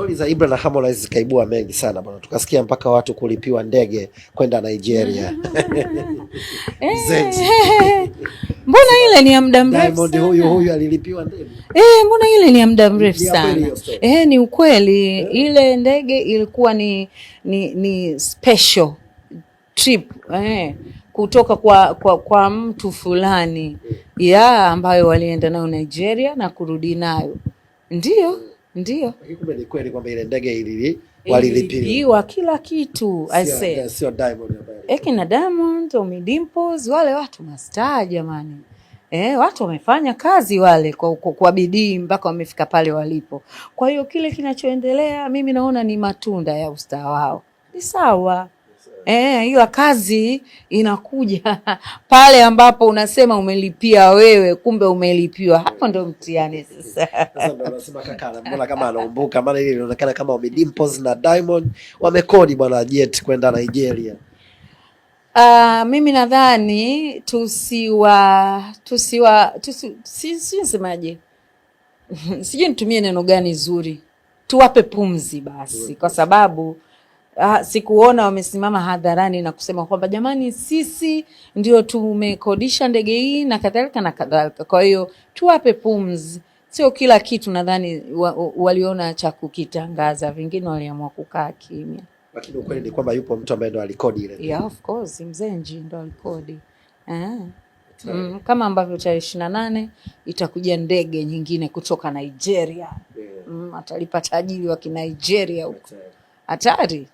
Stori za Ibra na Harmonize zikaibua mengi sana bwana, tukasikia mpaka watu kulipiwa ndege kwenda Nigeria. Eh. Mbona ile ni ya muda mrefu Huyu huyu alilipiwa ndege eh, mbona ile ni ya muda mrefu sana eh, ni ukweli yeah. Ile ndege ilikuwa ni ni, ni special trip eh, kutoka kwa, kwa, kwa mtu fulani ya yeah, ambayo walienda nayo Nigeria na kurudi nayo ndio ndio, kumbe ni kweli kwamba ile ndege ilili walilipiwa kila kitu. I say sio Diamond eki na Diamond Omy Dimples, wale watu mastaa jamani. Eh, watu wamefanya kazi wale kwa, kwa, kwa bidii mpaka wamefika pale walipo. Kwa hiyo kile kinachoendelea mimi naona ni matunda ya ustaa wao, ni sawa. Eh, ila kazi inakuja pale ambapo unasema umelipia wewe, kumbe umelipiwa. Hapo ndo mtihani sasa. unasema kaka, mbona kama anaumbuka, maana ile inaonekana kama wamedimpos na Diamond wamekodi bwana jet kwenda Nigeria. Uh, mimi nadhani tusiwa tusiwa tusi, sisemaje sijui nitumie neno gani zuri, tuwape pumzi basi, kwa sababu uh, sikuona wamesimama hadharani na kusema kwamba jamani, sisi ndio tumekodisha ndege hii na kadhalika na kadhalika. Kwa hiyo tuwape pumzi, sio kila kitu. Nadhani waliona wa, waliona cha kukitangaza, vingine waliamua kukaa kimya, lakini ukweli ni kwamba yupo mtu ambaye ndo alikodi ile. Yeah, of course mzee Nji ndo alikodi eh. Mm, kama ambavyo tarehe ishirini na nane itakuja ndege nyingine kutoka Nigeria. Yeah. Mm, atalipata ajili wa Kinigeria huko hatari.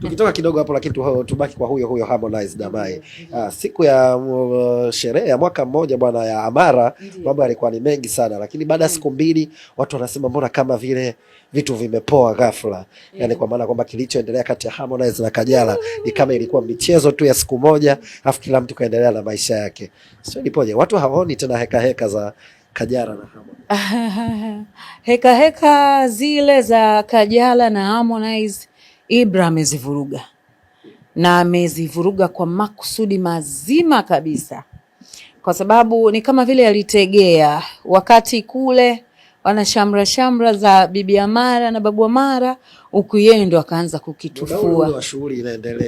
Tukitoka kidogo hapo lakini tubaki kwa huyo huyo Harmonize ambaye ah, siku ya uh, sherehe ya mwaka mmoja bwana ya Amara, mambo yalikuwa ni mengi sana, lakini baada ya mm. siku mbili watu wanasema mbona kama vile vitu vimepoa ghafla, mm. yani kwa maana kwamba kilichoendelea kati ya Harmonize na Kajala ni kama ilikuwa michezo tu ya siku moja, afu kila mtu kaendelea na maisha yake. Sio nipoje, watu hawaoni tena heka heka za Kajala na Harmonize heka heka zile za Kajala na Harmonize Ibra amezivuruga na amezivuruga kwa makusudi mazima kabisa, kwa sababu ni kama vile alitegea wakati kule wana shamra shamra za bibi Amara na babu Amara, huku yeye ndo akaanza kukitufua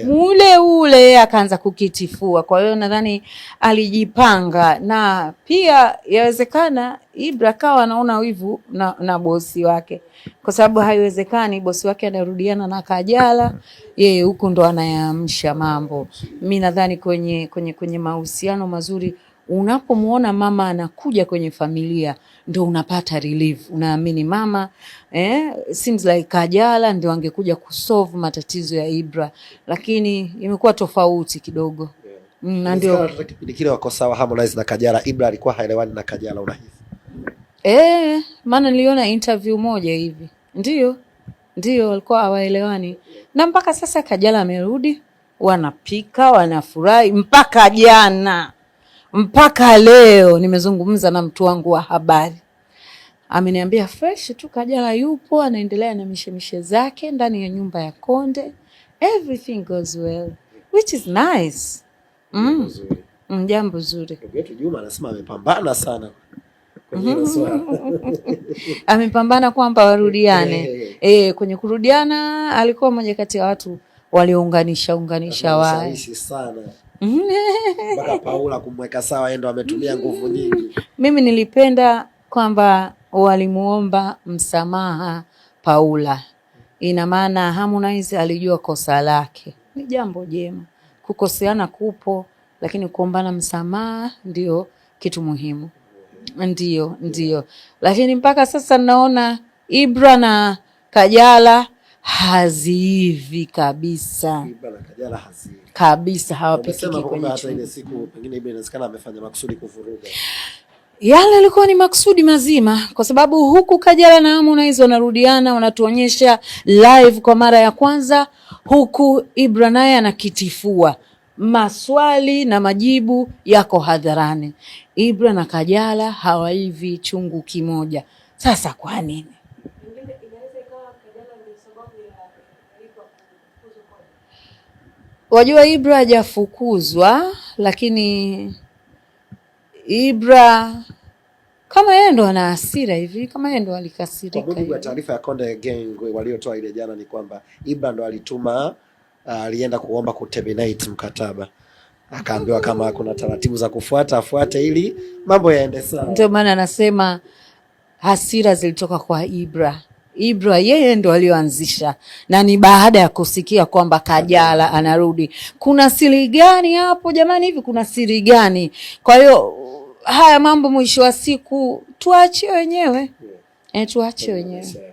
mule ule, akaanza kukitifua. Kwa hiyo nadhani alijipanga, na pia yawezekana Ibra kawa anaona wivu na, na bosi wake, kwa sababu haiwezekani bosi wake anarudiana na Kajala, yeye huku ndo anayaamsha mambo. Mi nadhani kwenye, kwenye, kwenye mahusiano mazuri unapomwona mama anakuja kwenye familia ndo unapata relief, unaamini mama eh, seems like Kajala ndio angekuja kusolve matatizo ya Ibra, lakini imekuwa tofauti kidogo mm, na ndio kipindi kile wako sawa Harmonize na Kajala. Ibra alikuwa haelewani na Kajala, unahisi eh? Maana niliona interview moja hivi, ndio ndio walikuwa hawaelewani, na mpaka sasa Kajala amerudi, wanapika wanafurahi mpaka jana mpaka leo nimezungumza na mtu wangu wa habari, ameniambia fresh tu, Kajala yupo anaendelea na mishemishe zake ndani ya nyumba ya Konde, everything goes well which is nice. Mm. mm. Jambo zuri. Juma anasema amepambana sana amepambana kwamba warudiane e, kwenye kurudiana alikuwa mmoja kati ya watu waliounganisha unganisha, unganisha wae Bwana Paula kumweka sawa, yeye ndo ametumia nguvu nyingi. Mimi nilipenda kwamba walimuomba msamaha Paula, ina maana Harmonize alijua kosa lake, ni jambo jema. Kukoseana kupo, lakini kuombana msamaha ndio kitu muhimu. Ndio, ndio, lakini mpaka sasa naona Ibra na Kajala haziivi kabisa kabisa, hawapikiki yale yalikuwa ni maksudi mazima, kwa sababu huku Kajala na Harmonize hizo wanarudiana, wanatuonyesha live kwa mara ya kwanza, huku Ibra naye anakitifua, maswali na majibu yako hadharani. Ibra na Kajala hawaivi chungu kimoja. Sasa kwa nini? Wajua, Ibra hajafukuzwa, lakini Ibra kama yeye ndo ana hasira hivi, kama yeye ndo alikasirika. Kwa mujibu wa taarifa ya Konde Gang waliotoa ile jana, ni kwamba Ibra ndo alituma, ah, alienda uh, kuomba ku terminate mkataba, akaambiwa kama kuna taratibu za kufuata afuate ili mambo yaende sawa. Ndio maana anasema hasira zilitoka kwa Ibra. Ibra yeye ndo aliyoanzisha na ni baada ya kusikia kwamba Kajala anarudi. Kuna siri gani hapo jamani? Hivi kuna siri gani? Kwa hiyo haya mambo mwisho wa siku tuachie wenyewe, yeah. E, tuachie wenyewe.